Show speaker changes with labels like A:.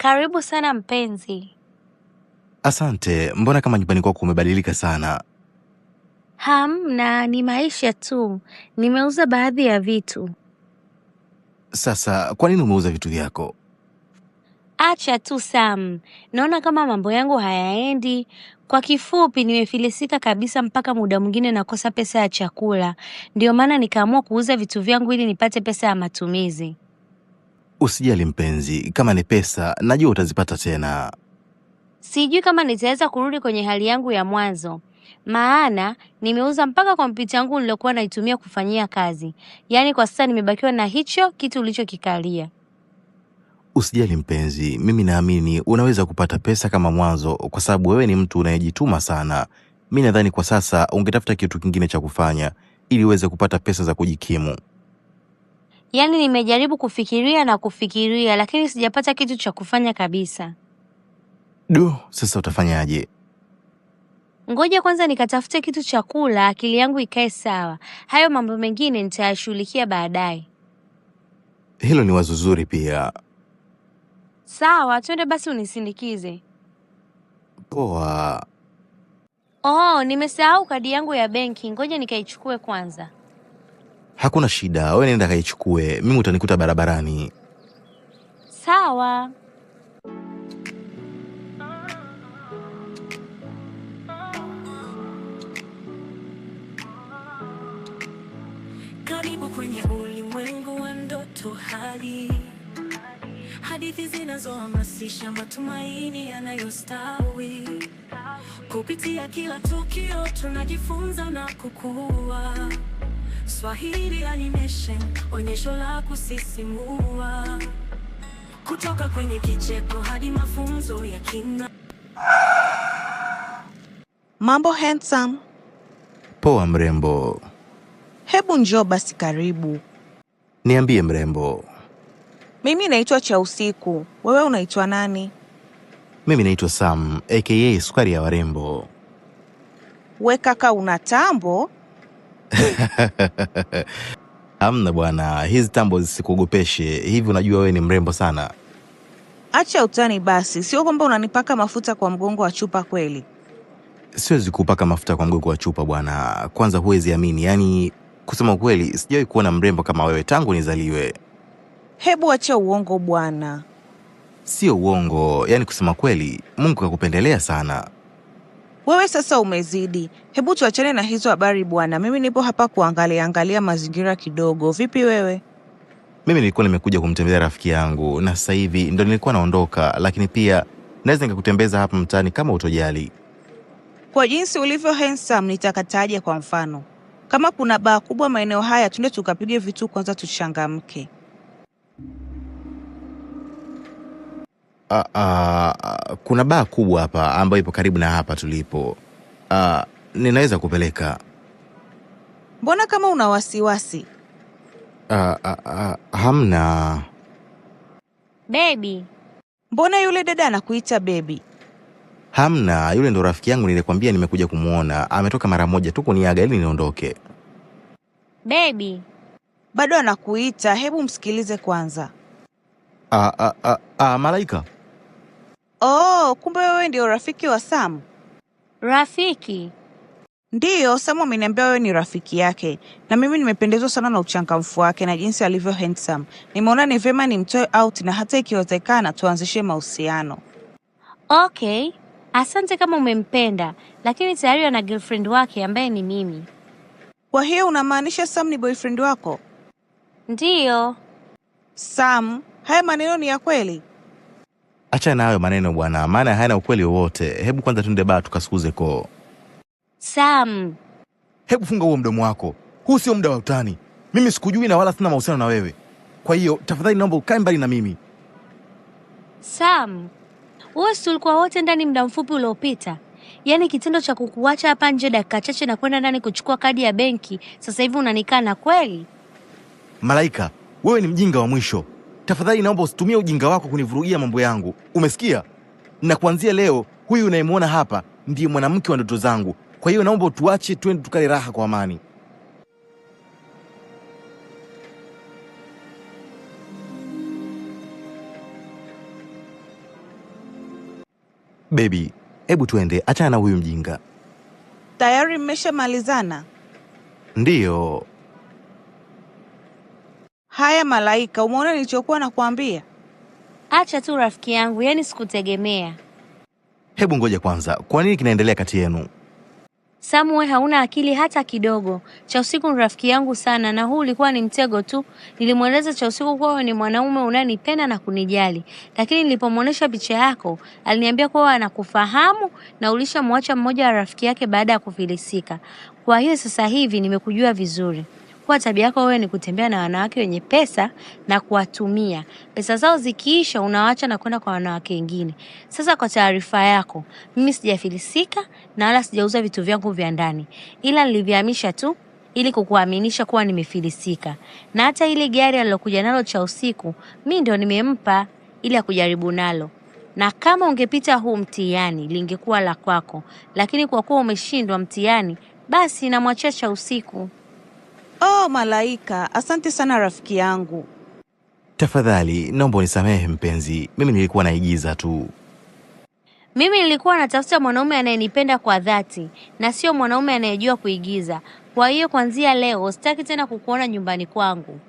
A: Karibu sana mpenzi.
B: Asante. Mbona kama nyumbani kwako umebadilika sana?
A: Hamna, ni maisha tu. Nimeuza baadhi ya vitu.
B: Sasa kwa nini umeuza vitu vyako?
A: Acha tu Sam, naona kama mambo yangu hayaendi. Kwa kifupi, nimefilisika kabisa, mpaka muda mwingine nakosa pesa ya chakula. Ndio maana nikaamua kuuza vitu vyangu ili nipate pesa ya matumizi.
B: Usijali mpenzi, kama ni pesa najua utazipata tena.
A: Sijui kama nitaweza kurudi kwenye hali yangu ya mwanzo, maana nimeuza mpaka kompyuta yangu niliokuwa naitumia kufanyia kazi. Yaani kwa sasa nimebakiwa na hicho kitu ulichokikalia.
B: Usijali mpenzi, mimi naamini unaweza kupata pesa kama mwanzo, kwa sababu wewe ni mtu unayejituma sana. Mi nadhani kwa sasa ungetafuta kitu kingine cha kufanya ili uweze kupata pesa za kujikimu.
A: Yaani nimejaribu kufikiria na kufikiria lakini sijapata kitu cha kufanya kabisa.
B: Du, sasa utafanyaje?
A: Ngoja kwanza nikatafute kitu cha kula, akili yangu ikae sawa. Hayo mambo mengine nitayashughulikia baadaye.
B: Hilo ni wazo zuri pia.
A: Sawa, twende basi unisindikize.
B: Poa.
A: Oh, nimesahau kadi yangu ya benki. Ngoja nikaichukue kwanza.
B: Hakuna shida, wewe nenda kaichukue, mimi utanikuta barabarani.
A: Sawa. Karibu kwenye ulimwengu wa ndoto hadi hadithi zinazohamasisha matumaini yanayostawi. Kupitia kila tukio tunajifunza na kukua. Swahili Animation, onyesho la kusisimua, kutoka kwenye kicheko hadi mafunzo ya kina. Mambo handsome.
B: Poa mrembo.
A: Hebu njoo basi karibu.
B: Niambie mrembo.
A: Mimi naitwa cha usiku, wewe unaitwa nani?
B: Mimi naitwa Sam aka sukari ya warembo.
A: We kaka, una tambo
B: Hamna bwana, hizi tambo zisikuogopeshe. Hivi unajua wewe ni mrembo sana.
A: Acha utani basi, sio kwamba unanipaka mafuta kwa mgongo wa chupa kweli?
B: Siwezi kupaka mafuta kwa mgongo wa chupa bwana, kwanza huwezi amini. Yaani kusema kweli, sijawahi kuona mrembo kama wewe tangu nizaliwe.
A: Hebu acha uongo bwana.
B: Sio uongo, yaani kusema kweli, Mungu kakupendelea sana.
A: Wewe sasa umezidi, hebu tuachane na hizo habari bwana. Mimi nipo hapa kuangalia angalia mazingira kidogo. Vipi wewe?
B: Mimi nilikuwa nimekuja kumtembelea rafiki yangu na sasa hivi ndo nilikuwa naondoka, lakini pia naweza nikakutembeza hapa mtaani kama utojali.
A: Kwa jinsi ulivyo handsome, nitakataje? Kwa mfano, kama kuna baa kubwa maeneo haya, tuende tukapige vitu kwanza, tuchangamke.
B: uh, uh, kuna baa kubwa hapa ambayo ipo karibu na hapa tulipo. Uh, ninaweza kupeleka.
A: Mbona kama una wasiwasi?
B: Uh, uh, uh, hamna.
A: Bebi, mbona yule dada anakuita bebi?
B: Hamna, yule ndo rafiki yangu nilikwambia nimekuja kumwona. Ametoka mara moja tu kuniaga ili niondoke.
A: Bebi, bado anakuita, hebu msikilize kwanza.
B: Ah, ah, ah, ah, Malaika
A: Oh, kumbe wewe ndio rafiki wa Sam. Rafiki? Ndiyo, Sam ameniambia wewe ni rafiki yake, na mimi nimependezwa sana na uchangamfu wake na jinsi alivyo handsome. Nimeona ni vyema nimtoe out na hata ikiwezekana tuanzishe mahusiano. Okay, asante kama umempenda, lakini tayari ana girlfriend wake ambaye ni mimi. Kwa hiyo unamaanisha Sam ni boyfriend wako? Ndiyo. Sam, haya maneno ni ya kweli?
B: Acha na hayo maneno bwana, maana hayana ukweli wowote. Hebu kwanza tunde baa tukasukuze koo.
A: Sam,
B: hebu funga huo mdomo wako, huu sio muda wa utani. Mimi sikujui na wala sina mahusiano na wewe, kwa hiyo tafadhali naomba ukae mbali na mimi.
A: Sam, wewe si ulikuwa wote ndani muda mfupi uliopita? Yaani kitendo cha kukuacha hapa nje dakika chache na kwenda ndani kuchukua kadi ya benki, sasa hivi unanikana kweli?
B: Malaika, wewe ni mjinga wa mwisho. Tafadhali naomba usitumie ujinga wako kunivurugia mambo yangu, umesikia? Na kuanzia leo huyu unayemwona hapa ndiye mwanamke wa ndoto zangu, kwa hiyo naomba utuache twende tukale raha kwa amani. Bebi, hebu twende, achana na huyu mjinga.
A: Tayari mmeshamalizana?
B: Ndiyo,
A: Haya Malaika, umeona nilichokuwa nakuambia? Acha tu rafiki yangu, yani sikutegemea.
B: Hebu ngoja kwanza, kwa nini kinaendelea kati yenu?
A: Samuel, hauna akili hata kidogo. Cha usiku ni rafiki yangu sana, na huu ulikuwa ni mtego tu. Nilimweleza Cha usiku kuwa ni mwanaume unanipenda na kunijali, lakini nilipomwonyesha picha yako aliniambia kuwa anakufahamu na ulishamwacha mmoja wa rafiki yake baada ya kufilisika. Kwa hiyo sasa hivi nimekujua vizuri kuwa tabia yako wewe ni kutembea na wanawake wenye pesa na kuwatumia pesa zao, zikiisha unawacha na kwenda kwa wanawake wengine. Sasa kwa taarifa yako, mimi sijafilisika na wala sijauza vitu vyangu vya ndani, ila nilivihamisha tu ili kukuaminisha kuwa nimefilisika. Na hata ile gari alilokuja nalo cha usiku, mi ndio nimempa ili akujaribu nalo na kama ungepita huu mtihani lingekuwa la kwako, lakini kwa kuwa umeshindwa mtihani, basi namwachia cha usiku. Oh, Malaika, asante sana rafiki yangu.
B: Tafadhali, naomba unisamehe mpenzi, mimi nilikuwa naigiza tu.
A: Mimi nilikuwa natafuta mwanaume anayenipenda kwa dhati na sio mwanaume anayejua kuigiza. Kwa hiyo kuanzia leo sitaki tena kukuona nyumbani kwangu.